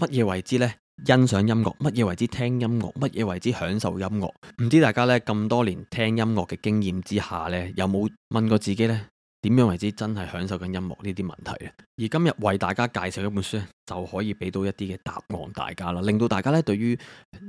乜嘢為之咧？欣賞音樂，乜嘢為之聽音樂，乜嘢為之享受音樂？唔知大家咧咁多年聽音樂嘅經驗之下咧，有冇問過自己咧？點樣為之真係享受緊音樂呢啲問題咧？而今日為大家介紹一本書咧。就可以俾到一啲嘅答案大家啦，令到大家咧對於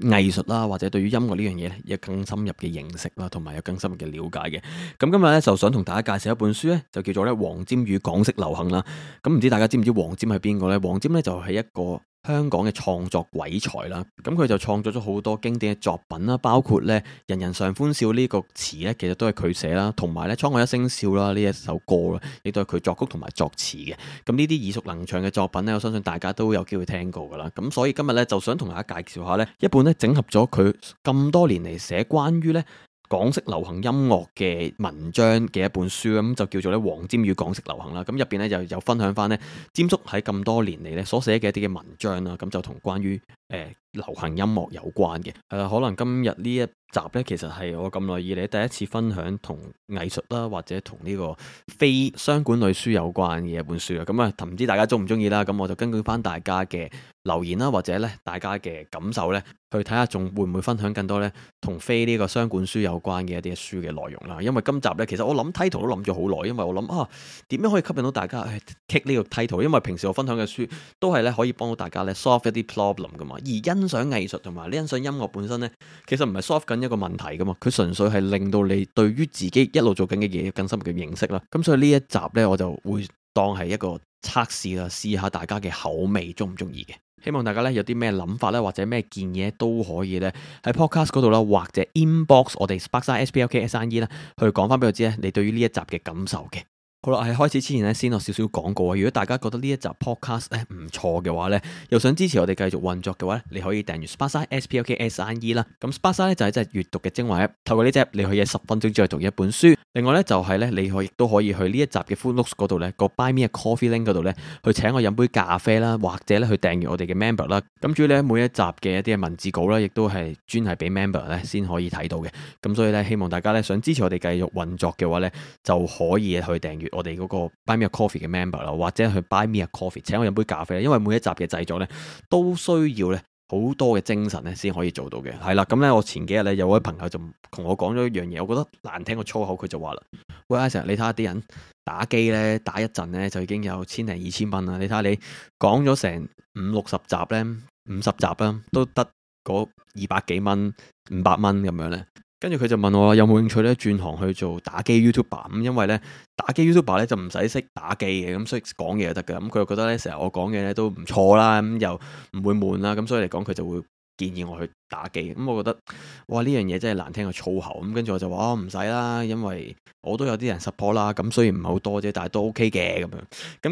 藝術啦或者對於音樂呢樣嘢咧有更深入嘅認識啦，同埋有更深嘅了解嘅。咁今日咧就想同大家介紹一本書咧，就叫做咧黃沾與港式流行啦。咁唔知大家知唔知黃沾係邊個呢？黃沾咧就係一個香港嘅創作鬼才啦。咁佢就創作咗好多經典嘅作品啦，包括咧《人人常歡笑》呢、這個詞咧，其實都係佢寫啦，同埋咧《窗外一聲笑》啦呢一首歌咧，亦都係佢作曲同埋作詞嘅。咁呢啲耳熟能詳嘅作品咧，我相信大家都有機會聽過噶啦，咁所以今日咧就想同大家介紹下呢，一本咧整合咗佢咁多年嚟寫關於咧港式流行音樂嘅文章嘅一本書，咁就叫做咧《黃沾與港式流行》啦。咁入邊咧又有分享翻咧，詹叔喺咁多年嚟咧所寫嘅一啲嘅文章啦，咁就同關於誒、呃、流行音樂有關嘅。係、呃、啦，可能今日呢一集咧，其實係我咁耐以嚟第一次分享同藝術啦，或者同呢個非商管類書有關嘅一本書啊。咁啊，唔知大家鍾唔鍾意啦。咁我就根據返大家嘅留言啦，或者咧大家嘅感受咧，去睇下仲會唔會分享更多咧同非呢個商管書有關嘅一啲書嘅內容啦。因為今集咧，其實我諗 title 都諗咗好耐，因為我諗啊，點樣可以吸引到大家去 kick 呢個 title？哎、title，因為平時我分享嘅書都係咧可以幫到大家咧 solve 一啲 problem 㗎嘛。而欣賞藝術同埋你欣賞音樂本身咧，其實唔係 solve 一個問題噶嘛，佢純粹係令到你對於自己一路做緊嘅嘢更深嘅認識啦。咁所以呢一集呢，我就會當係一個測試啦，試下大家嘅口味中唔中意嘅。希望大家呢，有啲咩諗法呢，或者咩建議都可以呢喺 Podcast 嗰度啦，或者 inbox 我哋 s p a 巴沙 SBLK SNE 呢，e, 去講翻俾我知咧，你對於呢一集嘅感受嘅。好啦，喺開始之前呢，先落少少廣告啊！如果大家覺得呢一集 podcast 咧唔錯嘅話咧，又想支持我哋繼續運作嘅話咧，你可以訂閱 Spasa S, za, S P O K S、A、N E 啦。咁 Spasa 咧就係、是、一隻閱讀嘅精華 App 透過呢隻你可以喺十分鐘之內讀一本書。另外咧，就係咧，你可亦都可以去呢一集嘅 Full Looks 嗰度咧，個 Buy Me a Coffee Link 嗰度咧，去請我飲杯咖啡啦，或者咧去訂閱我哋嘅 Member 啦。咁主要咧，每一集嘅一啲文字稿咧，亦都係專係俾 Member 咧先可以睇到嘅。咁所以咧，希望大家咧想支持我哋繼續運作嘅話咧，就可以去訂閱我哋嗰個 Buy Me a Coffee 嘅 Member 啦，或者去 Buy Me a Coffee 請我飲杯咖啡啦。因為每一集嘅製作咧，都需要咧。好多嘅精神咧，先可以做到嘅，係啦。咁咧，我前幾日咧，有位朋友就同我講咗一樣嘢，我覺得難聽過粗口，佢就話啦：喂，阿成，你睇下啲人打機咧，打一陣咧，就已經有千零二千蚊啦。你睇下你講咗成五六十集咧，五十集啦，啊，都得嗰二百幾蚊，五百蚊咁樣咧。跟住佢就問我有冇興趣咧，轉行去做打機 YouTuber，嗯、因為咧打機 YouTuber 咧就唔使識打機嘅，咁、嗯、所以講嘢就得㗎。咁佢又覺得咧成日我講嘢咧都唔錯啦，咁、嗯、又唔會悶啦，咁、嗯、所以嚟講佢就會。建議我去打機，咁、嗯、我覺得哇，呢樣嘢真係難聽過粗口，咁跟住我就話哦，唔使啦，因為我都有啲人 support 啦，咁雖然唔係好多啫，但係都 OK 嘅咁樣，咁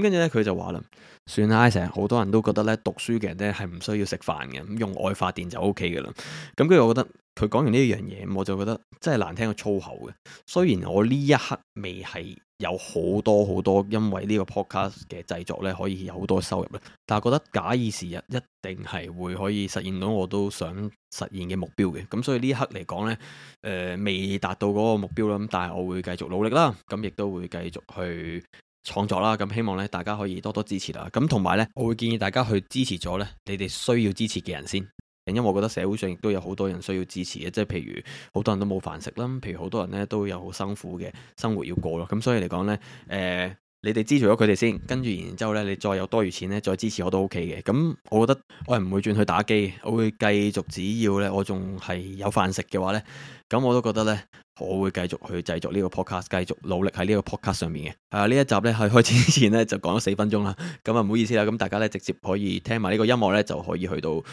跟住咧佢就話啦，算啦，成日好多人都覺得咧讀書嘅人咧係唔需要食飯嘅，咁用愛發電就 OK 嘅啦，咁跟住我覺得佢講完呢樣嘢，我就覺得真係難聽過粗口嘅，雖然我呢一刻未係。有好多好多，因為呢個 podcast 嘅製作咧，可以有好多收入啦。但係覺得假以時日，一定係會可以實現到我都想實現嘅目標嘅。咁所以呢一刻嚟講呢誒、呃、未達到嗰個目標啦。咁但係我會繼續努力啦，咁亦都會繼續去創作啦。咁希望咧，大家可以多多支持啦。咁同埋呢，我會建議大家去支持咗咧，你哋需要支持嘅人先。因為我覺得社會上亦都有好多人需要支持嘅，即係譬如好多人都冇飯食啦，譬如好多人咧都有好辛苦嘅生活要過咯。咁所以嚟講咧，誒、呃，你哋支持咗佢哋先，跟住然之後咧，你再有多餘錢咧再支持我都 O K 嘅。咁我覺得我係唔會轉去打機，我會繼續，只要咧我仲係有飯食嘅話咧，咁我都覺得咧我會繼續去製作呢個 podcast，繼續努力喺呢個 podcast 上面嘅。誒，呢一集咧喺開始之前咧就講咗四分鐘啦，咁啊唔好意思啦，咁、嗯、大家咧直接可以聽埋呢個音樂咧就可以去到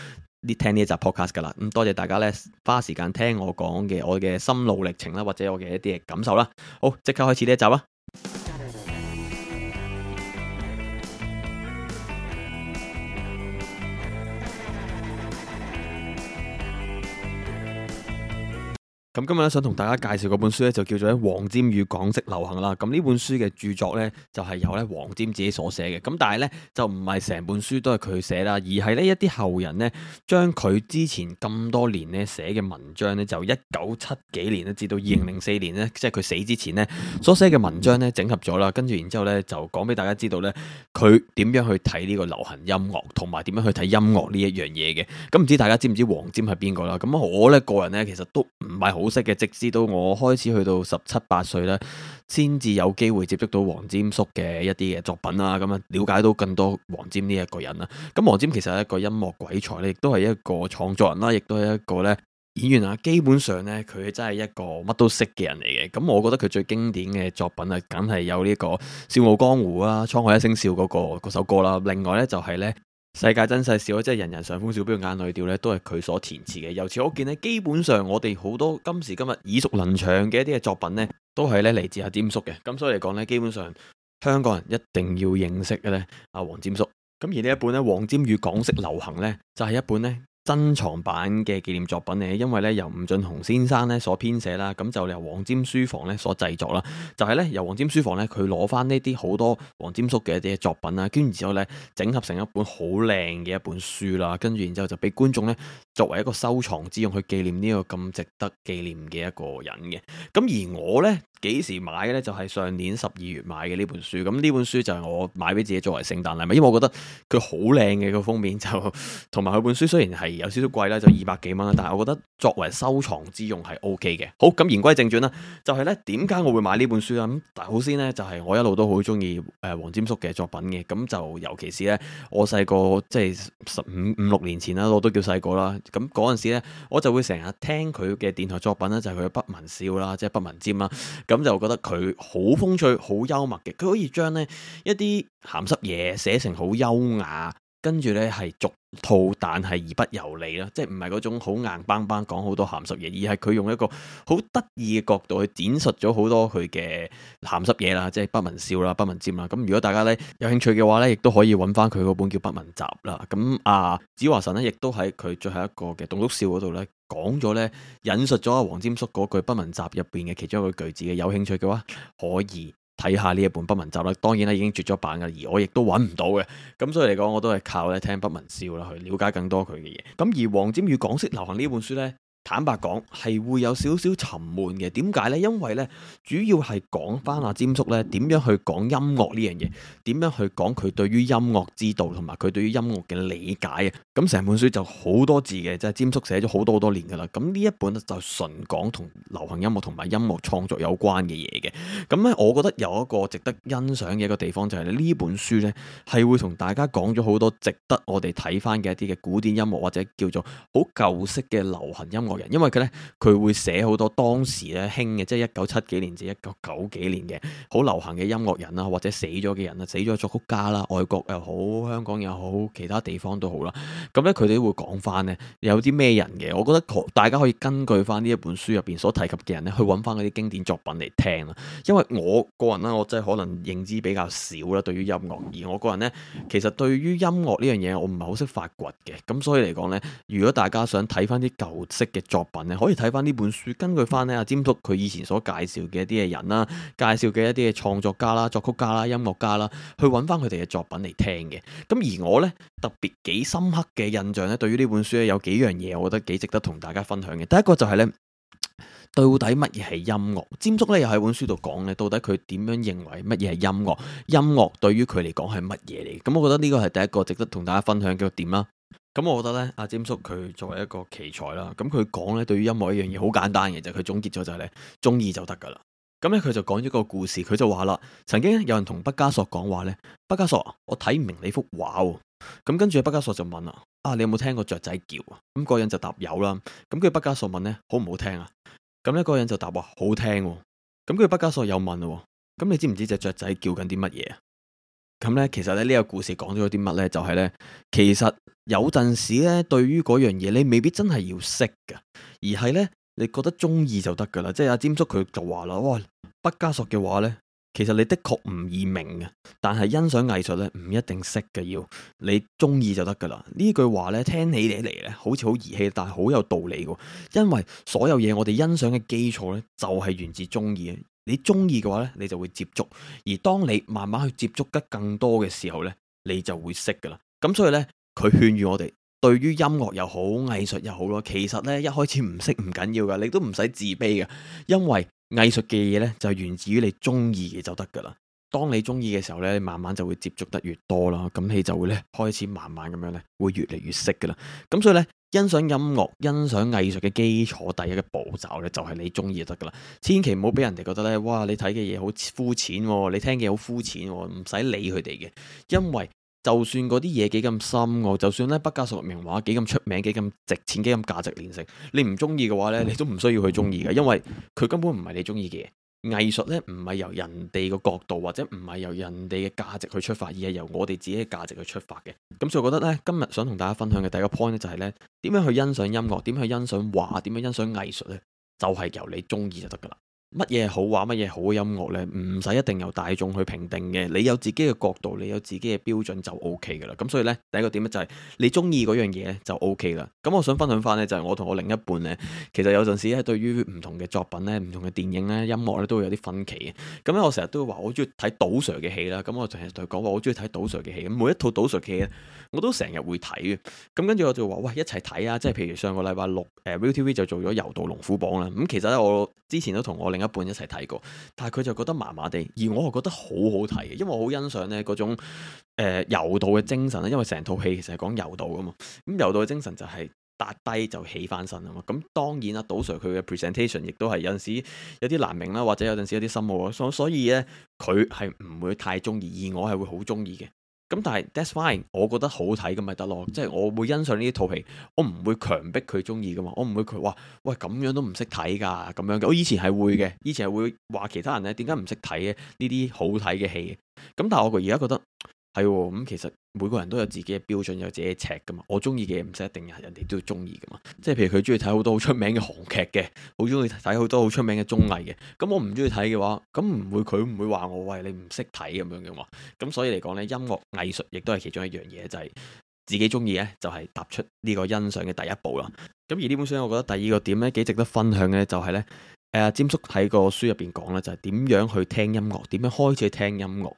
呢聽呢一集 podcast 㗎啦，嗯，多謝大家花時間聽我講嘅我嘅心路歷程，或者我嘅一啲嘅感受。好，即刻開始呢一集啊！咁今日咧，想同大家介紹嗰本書咧，就叫做《黃霑與港式流行》啦。咁呢本書嘅著作咧，就係由咧，黃霑自己所寫嘅。咁但係咧，就唔係成本書都係佢寫啦，而係呢一啲後人咧，將佢之前咁多年咧，寫嘅文章咧，就一九七幾年咧，至到二零零四年咧，即係佢死之前咧，所寫嘅文章咧，整合咗啦。跟住然之後咧，就講俾大家知道咧，佢點樣去睇呢個流行音樂，同埋點樣去睇音樂呢一樣嘢嘅。咁唔知大家知唔知黃霑係邊個啦？咁我咧，個人咧，其實都唔係好。好識嘅，直至到我開始去到十七八歲咧，先至有機會接觸到黃霑叔嘅一啲嘅作品啊，咁啊了解到更多黃霑呢一個人啊。咁黃霑其實係一個音樂鬼才咧，亦都係一個創作人啦，亦都係一個咧演員啊。基本上咧，佢真係一個乜都識嘅人嚟嘅。咁我覺得佢最經典嘅作品啊，梗係有呢，這個《笑傲江湖》啊，《滄海一聲笑》嗰，那個嗰首歌啦。另外咧就係咧。世界真細小，即係人人上風笑標眼淚掉咧，都係佢所填詞嘅。由此可見咧，基本上我哋好多今時今日耳熟能詳嘅一啲嘅作品呢，都係咧嚟自阿霑叔嘅。咁所以嚟講咧，基本上香港人一定要認識嘅呢阿黃霑叔。咁而呢一，就是、一本呢，黃霑與港式流行呢，就係一本呢。珍藏版嘅紀念作品嚟，因為咧由吳俊雄先生咧所編寫啦，咁就由黃尖書房咧所製作啦，就係咧由黃尖書房咧佢攞翻呢啲好多黃尖叔嘅一啲作品啦，跟住之後咧整合成一本好靚嘅一本書啦，跟住然之後就俾觀眾咧作為一個收藏之用去紀念呢個咁值得紀念嘅一個人嘅。咁而我咧幾時買嘅咧就係上年十二月買嘅呢本書，咁呢本書就係我買俾自己作為聖誕禮物，因為我覺得佢好靚嘅個封面就同埋佢本書雖然係。有少少貴啦，就二百幾蚊啦，但係我覺得作為收藏之用係 OK 嘅。好，咁言歸正傳啦，就係、是、呢點解我會買呢本書啦？咁好先呢，就係、是、我一路都好中意誒黃霑叔嘅作品嘅。咁就尤其是呢，我細個即係十五五六年前啦，我都叫細個啦。咁嗰陣時咧，我就會成日聽佢嘅電台作品啦，就係佢嘅《不文笑》啦，即係《不文霑》啦。咁就覺得佢好風趣、好幽默嘅。佢可以將呢一啲鹹濕嘢寫成好優雅。跟住呢係俗套，但係而不油膩啦，即係唔係嗰種好硬邦邦講好多鹹濕嘢，而係佢用一個好得意嘅角度去展述咗好多佢嘅鹹濕嘢啦，即係不文笑啦，不文霑啦。咁如果大家呢有興趣嘅話呢，亦都可以揾翻佢嗰本叫《不文集》啦。咁啊，子華神呢亦都喺佢最後一個嘅棟篤笑嗰度呢講咗呢，引述咗阿、啊、黃霑叔嗰句《不文集》入邊嘅其中一個句子嘅。有興趣嘅話可以。睇下呢一本不文集啦，當然啦已經絕咗版噶，而我亦都揾唔到嘅，咁所以嚟講我都係靠咧聽不文笑啦去了解更多佢嘅嘢，咁而《黃霑與港式流行》呢本書呢。坦白講，係會有少少沉悶嘅。點解呢？因為、啊、呢，主要係講翻阿詹叔呢點樣去講音樂呢樣嘢，點樣去講佢對於音樂之道同埋佢對於音樂嘅理解啊。咁、嗯、成本書就好多字嘅，即係詹叔寫咗好多好多年噶啦。咁呢一本呢就純講同流行音樂同埋音樂創作有關嘅嘢嘅。咁、嗯、呢，我覺得有一個值得欣賞嘅一個地方就係、是、呢本書呢，係會同大家講咗好多值得我哋睇翻嘅一啲嘅古典音樂或者叫做好舊式嘅流行音樂。因為佢咧，佢會寫好多當時咧興嘅，即係一九七幾年至一九九幾年嘅好流行嘅音樂人啦，或者死咗嘅人啊，死咗嘅作曲家啦，外國又好，香港又好，其他地方都好啦。咁咧，佢哋會講翻咧，有啲咩人嘅？我覺得大家可以根據翻呢一本書入邊所提及嘅人咧，去搵翻嗰啲經典作品嚟聽啦。因為我個人咧，我真係可能認知比較少啦，對於音樂。而我個人咧，其實對於音樂呢樣嘢，我唔係好識發掘嘅。咁所以嚟講咧，如果大家想睇翻啲舊式嘅。作品咧可以睇翻呢本書，根據翻呢阿占叔佢以前所介紹嘅一啲嘅人啦，介紹嘅一啲嘅創作家啦、作曲家啦、音樂家啦，去揾翻佢哋嘅作品嚟聽嘅。咁而我呢，特別幾深刻嘅印象呢，對於呢本書咧有幾樣嘢，我覺得幾值得同大家分享嘅。第一個就係呢，到底乜嘢係音樂？占叔呢又喺本書度講呢，到底佢點樣認為乜嘢係音樂？音樂對於佢嚟講係乜嘢嚟？咁我覺得呢個係第一個值得同大家分享嘅點啦。咁、嗯、我覺得咧，阿、啊、詹叔佢作為一個奇才啦，咁佢講咧對於音樂一樣嘢好簡單嘅就佢、是、總結咗就係咧，中意就得㗎啦。咁咧佢就講咗個故事，佢就話啦，曾經有人同畢加索講話咧，畢加索，我睇唔明你幅畫喎。咁、哦嗯、跟住畢加索就問啦，啊你有冇聽過雀仔叫啊？咁嗰、嗯、個人就答有啦。咁跟住畢加索問咧、嗯，好唔好聽啊？咁咧嗰個人就答話好聽、哦。咁跟住畢加索又問啦，咁、嗯、你、嗯、知唔知隻雀仔叫緊啲乜嘢啊？咁咧，其實咧呢個故事講咗啲乜呢？就係呢，其實有陣時呢，對於嗰樣嘢你未必真係要識嘅，而係呢，你覺得中意就得噶啦。即係阿詹叔佢就話啦：哇，畢加索嘅話呢，其實你的確唔易明嘅，但係欣賞藝術呢，唔一定識嘅，要你中意就得噶啦。呢句話呢，聽起嚟呢，好似好兒戲，但係好有道理喎。因為所有嘢我哋欣賞嘅基礎呢，就係源自中意。你中意嘅話呢，你就會接觸；而當你慢慢去接觸得更多嘅時候呢，你就會識噶啦。咁所以呢，佢勸喻我哋，對於音樂又好，藝術又好咯，其實呢，一開始唔識唔緊要噶，你都唔使自卑噶，因為藝術嘅嘢呢，就係源自於你中意嘅就得噶啦。當你中意嘅時候咧，你慢慢就會接觸得越多啦，咁你就會咧開始慢慢咁樣咧，會越嚟越識噶啦。咁所以呢，欣賞音樂、欣賞藝術嘅基礎，第一個步驟呢，就係你中意就得噶啦。千祈唔好俾人哋覺得呢：「哇，你睇嘅嘢好膚淺，你聽嘅好膚淺，唔使理佢哋嘅。」因為就算嗰啲嘢幾咁深，就算呢，畢加索名畫幾咁出名、幾咁值錢、幾咁價值連城，你唔中意嘅話呢，你都唔需要去中意嘅，因為佢根本唔係你中意嘅嘢。藝術咧唔係由人哋個角度，或者唔係由人哋嘅價值去出發，而係由我哋自己嘅價值去出發嘅。咁所以我覺得咧，今日想同大家分享嘅第一個 point 咧就係咧，點樣去欣賞音樂？點樣去欣賞畫？點樣欣賞藝術咧？就係由你中意就得噶啦。乜嘢好玩，乜嘢好嘅音樂咧，唔使一定由大眾去評定嘅，你有自己嘅角度，你有自己嘅標準就 O K 㗎啦。咁所以咧，第一個點咧就係、是、你中意嗰樣嘢就 O K 啦。咁我想分享翻咧，就係、是、我同我另一半咧，其實有陣時咧對於唔同嘅作品咧、唔同嘅電影咧、音樂咧都會有啲分歧嘅。咁咧我成日都會話我中意睇杜 Sir 嘅戲啦。咁我成日同佢講話我中意睇杜 Sir 嘅戲，每一套杜 Sir 嘅戲咧我都成日會睇嘅。咁跟住我就話喂，一齊睇啊！即係譬如上個禮拜六誒 ViuTV 就做咗《柔道龍虎榜》啦。咁其實咧我之前都同我另一半一齊睇過，但係佢就覺得麻麻地，而我係覺得好好睇嘅，因為我好欣賞呢嗰種誒、呃、柔道嘅精神咧，因為成套戲其實係講柔道啊嘛，咁柔道嘅精神就係跌低就起翻身啊嘛，咁當然啦，賭 Sir 佢嘅 presentation 亦都係有陣時有啲難明啦，或者有陣時有啲深奧，所以所以呢，佢係唔會太中意，而我係會好中意嘅。咁但係 that's fine，我覺得好睇咁咪得咯，即係我會欣賞呢啲套戲，我唔會強迫佢中意噶嘛，我唔會佢話，哇，喂咁樣都唔識睇噶，咁樣嘅，我以前係會嘅，以前係會話其他人咧，點解唔識睇嘅呢啲好睇嘅戲，咁但係我而家覺得。係咁、嗯，其實每個人都有自己嘅標準，有自己嘅尺噶嘛。我中意嘅嘢，唔使一定係人哋都要中意噶嘛。即係譬如佢中意睇好多好出名嘅韓劇嘅，好中意睇好多好出名嘅綜藝嘅。咁、嗯、我唔中意睇嘅話，咁唔會佢唔會話我喂，你唔識睇，咁樣嘅嘛。咁、嗯、所以嚟講呢音樂藝術亦都係其中一樣嘢，就係、是、自己中意呢，就係踏出呢個欣賞嘅第一步啦。咁、嗯、而呢本書我覺得第二個點呢，幾值得分享嘅就係呢。誒、啊，詹叔喺個書入邊講呢，就係、是、點樣去聽音樂，點樣開始去聽音樂。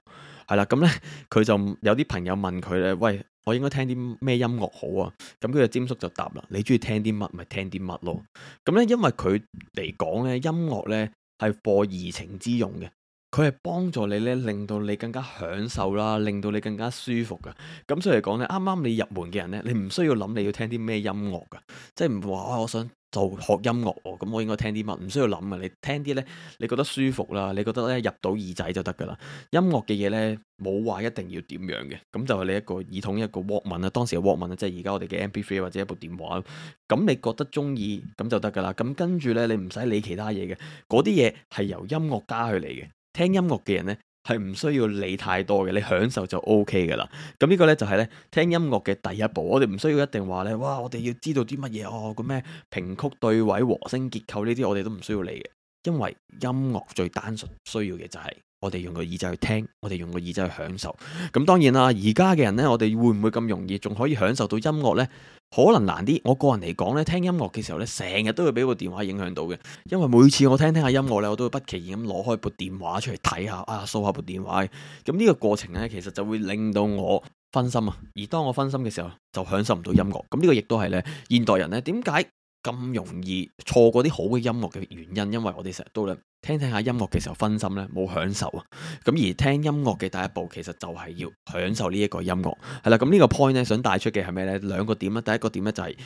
係啦，咁咧佢就有啲朋友問佢咧，喂，我應該聽啲咩音樂好啊？咁佢就詹叔就答啦，你中意聽啲乜，咪聽啲乜咯。咁、嗯、咧，因為佢嚟講咧，音樂咧係播怡情之用嘅，佢係幫助你咧，令到你更加享受啦，令到你更加舒服噶。咁、嗯、所以嚟講咧，啱啱你入門嘅人咧，你唔需要諗你要聽啲咩音樂噶，即係唔會話我想。就學音樂哦，咁我應該聽啲乜？唔需要諗啊，你聽啲呢，你覺得舒服啦，你覺得咧入到耳仔就得噶啦。音樂嘅嘢呢，冇話一定要點樣嘅，咁就係你一個耳筒、一個 Walkman 啊，當時嘅 Walkman 啊，即係而家我哋嘅 MP3 或者一部電話，咁你覺得中意咁就得噶啦。咁跟住呢，你唔使理其他嘢嘅，嗰啲嘢係由音樂家去嚟嘅，聽音樂嘅人呢。係唔需要理太多嘅，你享受就 OK 噶啦。咁呢個呢，就係、是、呢聽音樂嘅第一步。我哋唔需要一定話呢：「哇！我哋要知道啲乜嘢哦？個咩？平曲對位和聲結構呢啲，我哋都唔需要理嘅，因為音樂最單純需要嘅就係、是。我哋用個耳仔去聽，我哋用個耳仔去享受。咁當然啦，而家嘅人呢，我哋會唔會咁容易仲可以享受到音樂呢？可能難啲。我個人嚟講呢，聽音樂嘅時候呢，成日都會俾個電話影響到嘅。因為每次我聽聽下音樂呢，我都會不其然咁攞開部電話出嚟睇下、哎，啊，掃下部電話。咁呢個過程呢，其實就會令到我分心啊。而當我分心嘅時候，就享受唔到音樂。咁呢個亦都係呢現代人呢點解，咁容易錯過啲好嘅音樂嘅原因，因為我哋成日都咧聽聽下音樂嘅時候分心呢，冇享受啊。咁而聽音樂嘅第一步，其實就係要享受呢一個音樂，係啦。咁呢個 point 咧，想帶出嘅係咩呢？兩個點啦，第一個點呢就係、是。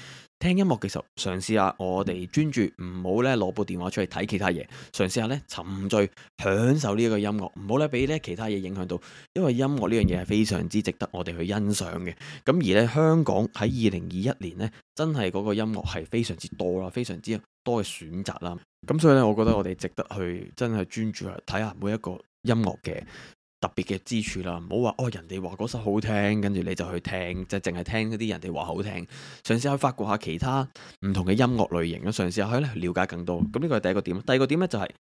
聽音樂嘅時候，嘗試下，我哋專注唔好咧，攞部電話出去睇其他嘢。嘗試下咧，沉醉享受呢一個音樂，唔好咧，俾咧其他嘢影響到。因為音樂呢樣嘢係非常之值得我哋去欣賞嘅。咁而咧，香港喺二零二一年咧，真係嗰個音樂係非常之多啦，非常之多嘅選擇啦。咁所以咧，我覺得我哋值得去真係專注去睇下每一個音樂嘅。特別嘅之處啦，唔好話哦人哋話嗰首好聽，跟住你就去聽，就淨係聽嗰啲人哋話好聽。嘗試去發掘下其他唔同嘅音樂類型咯，嘗試下去咧了解更多。咁呢個係第一個點，第二個點呢、就是，就係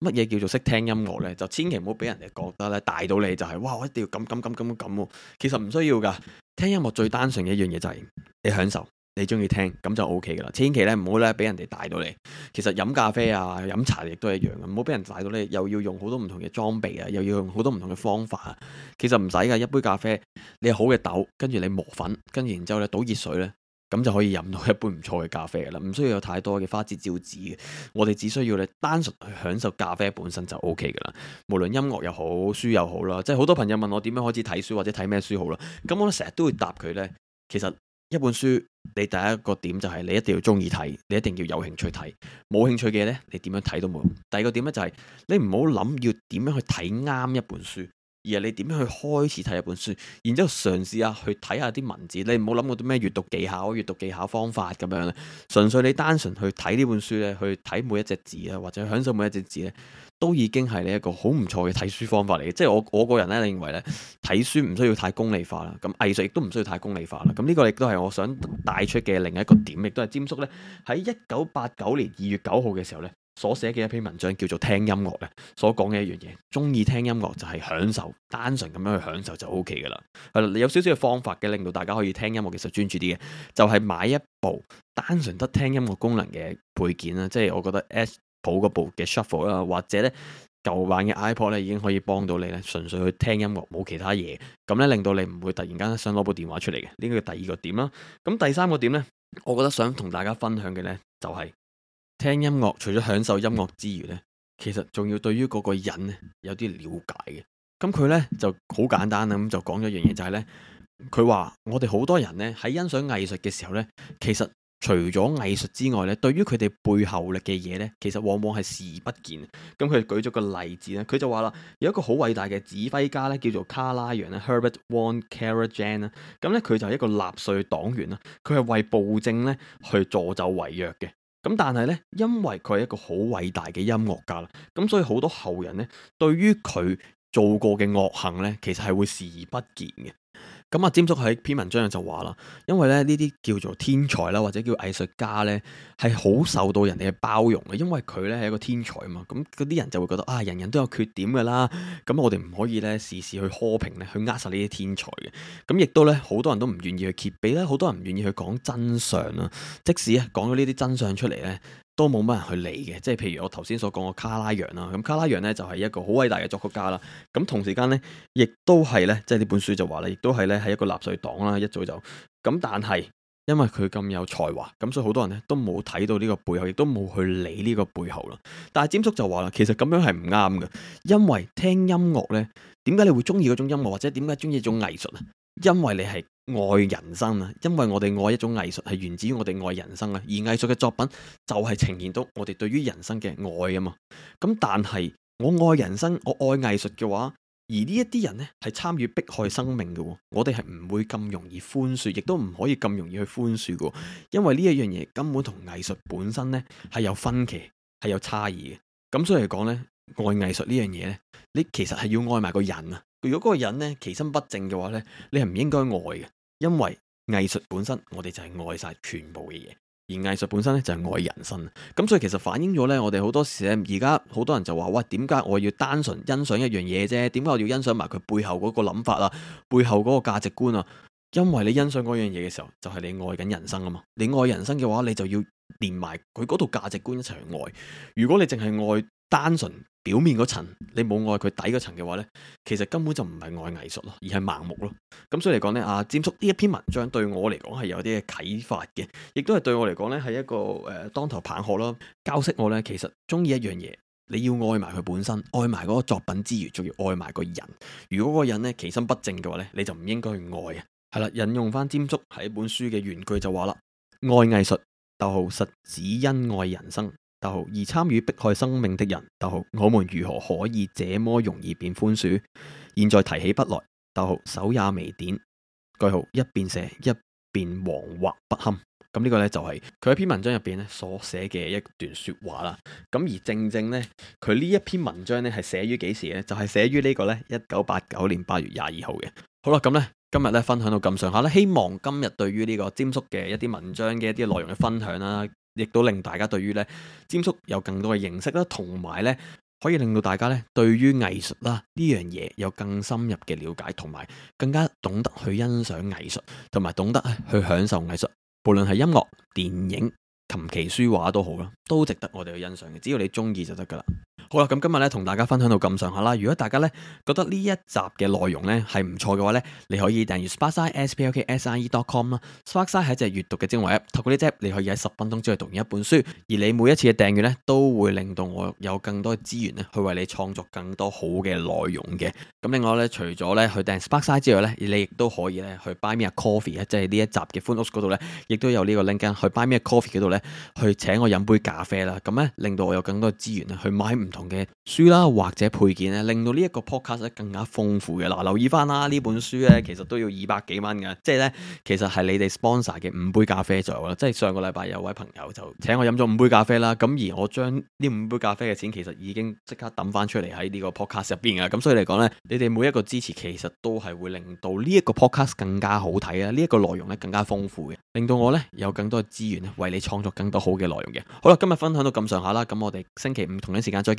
乜嘢叫做識聽音樂呢？就千祈唔好俾人哋覺得咧大到你就係、是、哇我一定要咁咁咁咁咁，其實唔需要噶。聽音樂最單純嘅一樣嘢就係、是、你享受。你中意聽，咁就 O K 噶啦。千祈咧唔好咧俾人哋帶到你。其實飲咖啡啊、飲茶亦都一樣，唔好俾人帶到你。又要用好多唔同嘅裝備啊，又要用好多唔同嘅方法啊。其實唔使噶，一杯咖啡，你好嘅豆，跟住你磨粉，跟住然之後咧倒熱水咧，咁就可以飲到一杯唔錯嘅咖啡噶啦。唔需要有太多嘅花枝招展嘅。我哋只需要你單純去享受咖啡本身就 O K 噶啦。無論音樂又好，書又好啦，即係好多朋友問我點樣開始睇書或者睇咩書好啦。咁我成日都會答佢咧，其實。一本書，你第一個點就係你一定要中意睇，你一定要有興趣睇。冇興趣嘅咧，你點樣睇都冇用。第二個點呢，就係你唔好諗要點樣去睇啱一本書，而係你點樣去開始睇一本書，然之後嘗試下去睇下啲文字。你唔好諗嗰啲咩閱讀技巧、閱讀技巧方法咁樣啦，純粹你單純去睇呢本書咧，去睇每一隻字啊，或者享受每一隻字咧，都已經係你一個好唔錯嘅睇書方法嚟嘅，即係我我個人咧，認為咧睇書唔需要太功利化啦，咁藝術亦都唔需要太功利化啦。咁呢個亦都係我想帶出嘅另一個點，亦都係詹叔咧喺一九八九年二月九號嘅時候咧所寫嘅一篇文章叫做《聽音樂》咧，所講嘅一樣嘢，中意聽音樂就係享受，單純咁樣去享受就 OK 噶啦。係有少少嘅方法嘅，令到大家可以聽音樂其實專注啲嘅，就係、是、買一部單純得聽音樂功能嘅配件啦。即係我覺得 S。補嗰部嘅 shuffle 啦，或者咧舊版嘅 iPod 咧已經可以幫到你咧，純粹去聽音樂，冇其他嘢，咁咧令到你唔會突然間想攞部電話出嚟嘅，呢個第二個點啦。咁第三個點咧，我覺得想同大家分享嘅咧，就係聽音樂，除咗享受音樂之餘咧，其實仲要對於嗰個人咧有啲了解嘅。咁佢咧就好簡單啦，咁就講咗一樣嘢就係咧，佢話我哋好多人咧喺欣賞藝術嘅時候咧，其實。除咗藝術之外咧，對於佢哋背後嘅嘢咧，其實往往係視而不見。咁佢就舉咗個例子咧，佢就話啦，有一個好偉大嘅指揮家咧，叫做卡拉揚咧，Herbert von Karajan 啦。咁咧，佢就係一個納粹黨員啦，佢係為暴政咧去助紂為虐嘅。咁但係咧，因為佢係一個好偉大嘅音樂家啦，咁所以好多後人咧，對於佢做過嘅惡行咧，其實係會視而不見嘅。咁啊，詹、嗯、叔喺篇文章就話啦，因為咧呢啲叫做天才啦，或者叫藝術家咧，係好受到人哋嘅包容嘅，因為佢咧係一個天才啊嘛。咁嗰啲人就會覺得啊，人人都有缺點噶啦，咁、嗯、我哋唔可以咧事事去呵評咧，去扼殺呢啲天才嘅。咁、嗯、亦都咧，好多人都唔願意去揭秘啦，好多人唔願意去講真相啦。即使啊，講咗呢啲真相出嚟咧。都冇乜人去理嘅，即係譬如我頭先所講嘅卡拉揚啦，咁卡拉揚呢，就係一個好偉大嘅作曲家啦，咁同時間呢，亦都係呢，即係呢本書就話咧，亦都係呢，係一個納粹黨啦，一早就咁，但係因為佢咁有才華，咁所以好多人呢，都冇睇到呢個背後，亦都冇去理呢個背後啦。但係詹叔就話啦，其實咁樣係唔啱嘅，因為聽音樂呢，點解你會中意嗰種音樂，或者點解中意一種藝術呢？因為你係。愛人生啊，因為我哋愛一種藝術係源自於我哋愛人生啊，而藝術嘅作品就係呈現到我哋對於人生嘅愛啊嘛。咁但係我愛人生，我愛藝術嘅話，而呢一啲人呢係參與迫害生命嘅，我哋係唔會咁容易寬恕，亦都唔可以咁容易去寬恕嘅，因為呢一樣嘢，根本同藝術本身呢係有分歧，係有差異嘅。咁所以嚟講呢，愛藝術呢樣嘢呢，你其實係要愛埋個人啊。如果嗰個人呢其心不正嘅話呢，你係唔應該愛嘅。因為藝術本身，我哋就係愛晒全部嘅嘢，而藝術本身咧就係愛人生，咁所以其實反映咗咧，我哋好多時咧，而家好多人就話：喂，點解我要單純欣賞一樣嘢啫？點解我要欣賞埋佢背後嗰個諗法啊？背後嗰個價值觀啊？因為你欣賞嗰樣嘢嘅時候，就係你愛緊人生啊嘛。你愛人生嘅話，你就要連埋佢嗰度價值觀一齊去愛。如果你淨係愛，單純表面嗰層，你冇愛佢底嗰層嘅話呢，其實根本就唔係愛藝術咯，而係盲目咯。咁所以嚟講呢，阿、啊、佔叔呢一篇文章對我嚟講係有啲嘅啟發嘅，亦都係對我嚟講呢係一個誒、呃、當頭棒喝咯，教識我呢，其實中意一樣嘢，你要愛埋佢本身，愛埋嗰個作品之餘，仲要愛埋個人。如果嗰個人呢其心不正嘅話呢，你就唔應該去愛啊。係啦，引用翻佔叔喺本書嘅原句就話啦：愛藝術，逗號實只因愛人生。逗號而參與迫害生命的人，逗號我們如何可以這麼容易變寬恕？現在提起不來，逗號手也未點，句號一邊寫一邊惶惑不堪。咁呢個呢，就係佢喺篇文章入邊呢所寫嘅一段說話啦。咁而正正呢，佢呢一篇文章呢係寫於幾時呢？就係寫於呢個呢，一九八九年八月廿二號嘅。好啦，咁呢，今日呢，分享到咁上下呢，希望今日對於呢個尖叔嘅一啲文章嘅一啲內容嘅分享啦、啊。亦都令大家對於咧，佔叔有更多嘅認識啦，同埋咧，可以令到大家咧，對於藝術啦呢樣嘢有更深入嘅了解，同埋更加懂得去欣賞藝術，同埋懂得去享受藝術。無論係音樂、電影、琴棋書畫都好啦，都值得我哋去欣賞嘅。只要你中意就得噶啦。好啦，咁今日咧同大家分享到咁上下啦。如果大家咧覺得呢一集嘅內容咧係唔錯嘅話咧，你可以訂閱 Sparkside.com 啦、啊。Sparkside 係一隻閲讀嘅精華 app，透過呢隻 app 你可以喺十分鐘之內讀完一本書。而你每一次嘅訂閱咧，都會令到我有更多嘅資源咧，去為你創作更多好嘅內容嘅。咁另外咧，除咗咧去訂 Sparkside 之外咧，而你亦都可以咧去 Buy Me a Coffee 啊，即係呢一集嘅 Full Notes 嗰度咧，亦都有呢個 link、啊、去 Buy Me a Coffee 嗰度咧，去請我飲杯咖啡啦。咁、啊、咧令到我有更多嘅資源去買唔～唔同嘅書啦，或者配件咧，令到呢一個 podcast 咧更加豐富嘅。嗱、啊，留意翻啦，呢本書咧其實都要二百幾蚊嘅，即係咧其實係你哋 sponsor 嘅五杯咖啡左右啦。即係上個禮拜有位朋友就請我飲咗五杯咖啡啦，咁而我將呢五杯咖啡嘅錢，其實已經即刻抌翻出嚟喺呢個 podcast 入邊嘅。咁所以嚟講咧，你哋每一個支持，其實都係會令到呢一個 podcast 更加好睇啊，呢、這、一個內容咧更加豐富嘅，令到我咧有更多嘅資源為你創作更多好嘅內容嘅。好啦，今日分享到咁上下啦，咁我哋星期五同一時間再。